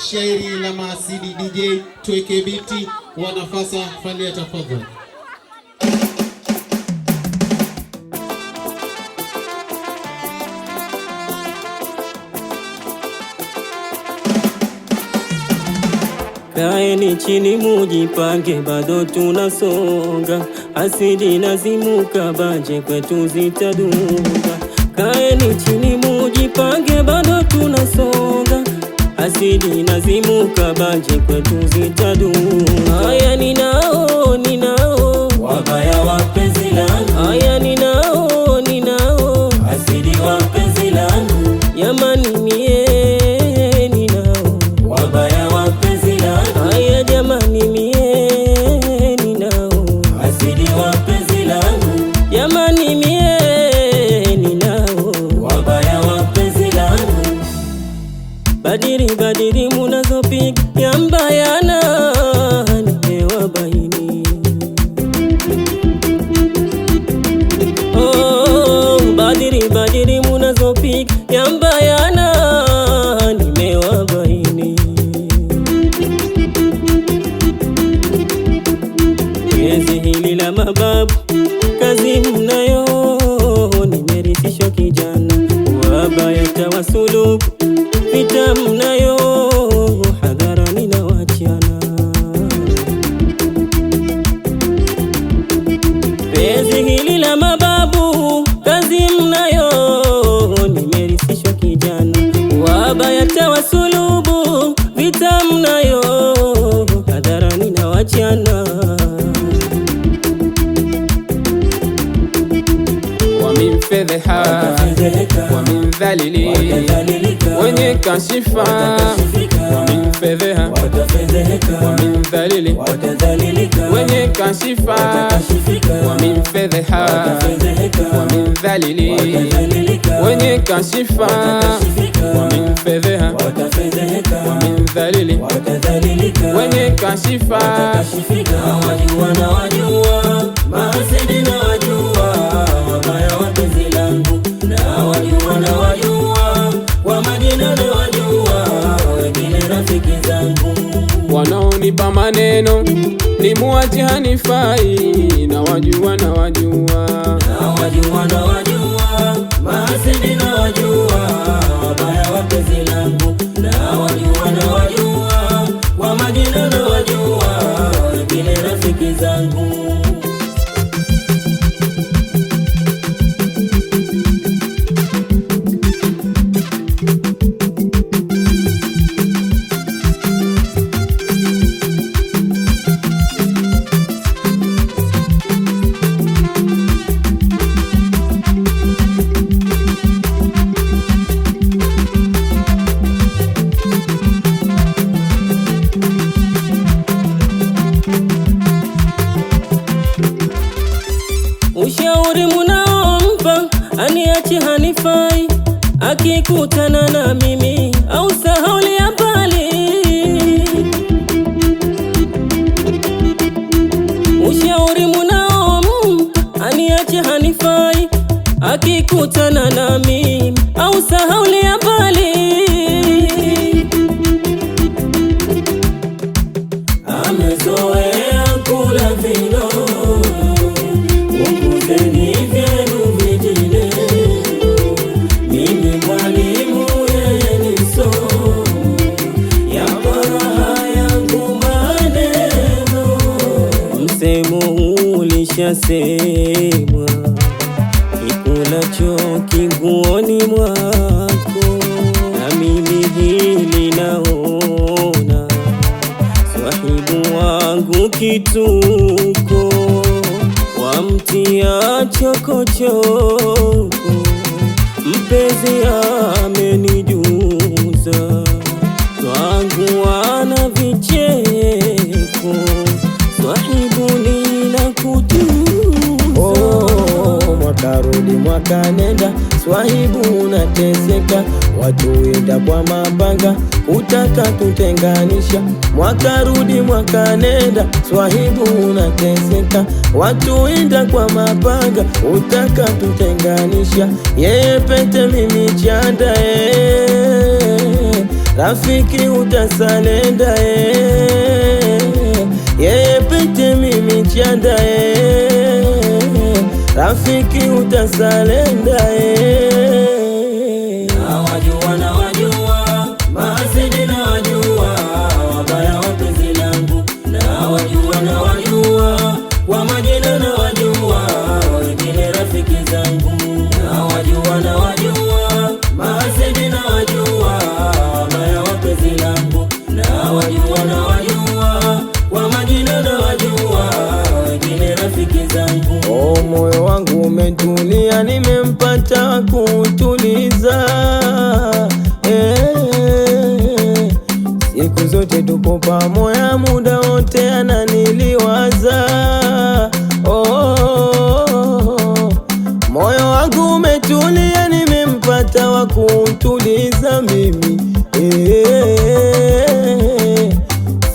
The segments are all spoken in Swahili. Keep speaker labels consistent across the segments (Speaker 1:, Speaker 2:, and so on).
Speaker 1: shairi la maasidi DJ tuweke biti wanafasa nafasa falia tafadhali. Kaeni chini mujipange, bado tunasonga, asidi nazimuka, banje kwetu zitadunga. Kaeni chini mujipange, bado tunasonga asidi nazimuka banje kwetu zitadu.
Speaker 2: Haya ninao ninao
Speaker 3: wabaya wape
Speaker 2: tiba tawasulu, vita mnayo hili la mababu, kazi mnayo nimerisishwa kijana, waba tawasulubu, vita mnayo
Speaker 4: watakashifa,
Speaker 5: wamenifedheha, wamenidhalili, wenye kashifa, wamenifedheha, wamenidhalili, wenye kashifa, wamenifedheha,
Speaker 4: wamenidhalili,
Speaker 5: wenye kashifa,
Speaker 6: wajua na wajua, mahasidi na wajua
Speaker 7: nipa maneno ni muachi hanifai, na wajua na wajua
Speaker 6: na wajua na wajua, basi ninawajua
Speaker 2: haifai, akikutana na mimi au sahauli ya mbali. Ushauri munao mm, aniache hanifai, akikutana nami
Speaker 8: ulisemwa ikulacho kinguoni mwako, na mimi hili naona, swahibu wangu kituko, wamtia chokochoko, mpenzi amenijuza, twangu wana vicheko
Speaker 9: mwaka rudi mwaka nenda, swahibu unateseka, watu wenda kwa mapanga utaka kutenganisha. Mwaka rudi mwaka nenda, swahibu unateseka, watu wenda kwa mapanga utaka kutenganisha. Yeye pete mimi chanda, ee, rafiki utasalenda ee. rafiki utasalenda eh.
Speaker 6: na wajua na wajua wabaya langu na wajua na wajua na wajua wengine rafiki zangu na wajua na wajua
Speaker 10: dunia nimempata kutuliza eh, siku zote tupo pamoja, muda wote ananiliwaza oh, oh, oh. Moyo wangu umetulia, nimempata wa kutuliza mimi eh,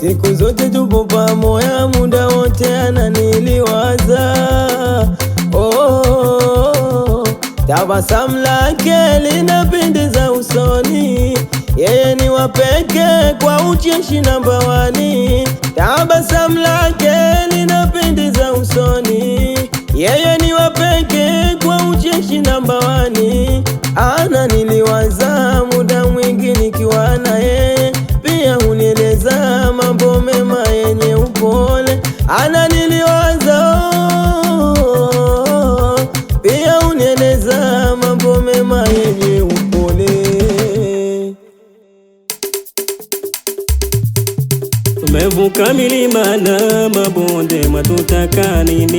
Speaker 10: siku zote tupo pamoja, muda wote ananiliwaza tabasamu lake linapendeza usoni, yeye ni wa pekee kwa ucheshi namba wani. Tabasamu lake linapendeza usoni, yeye ni wa pekee kwa ucheshi namba wani. Ana niliwazamu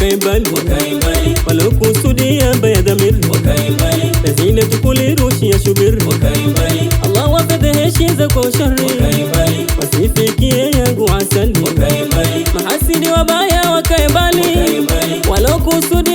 Speaker 11: wakaibali walokusudia baya dhamiri na zile tukulirushia shubiri Allah wakadheheshiza kwa ushari wasifikie yangu asali mahasidi wabaya wakaibali walokusudia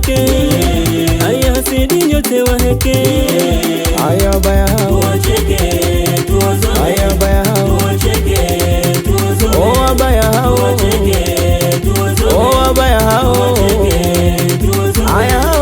Speaker 4: nifike,
Speaker 12: haya hasidi nyote waheke,
Speaker 13: haya baya
Speaker 4: hao wacheke,
Speaker 13: haya baya
Speaker 4: hao wacheke,
Speaker 13: oh baya hao
Speaker 4: wacheke, tuozane,
Speaker 13: oh baya
Speaker 4: hao wacheke, tuozane,
Speaker 13: haya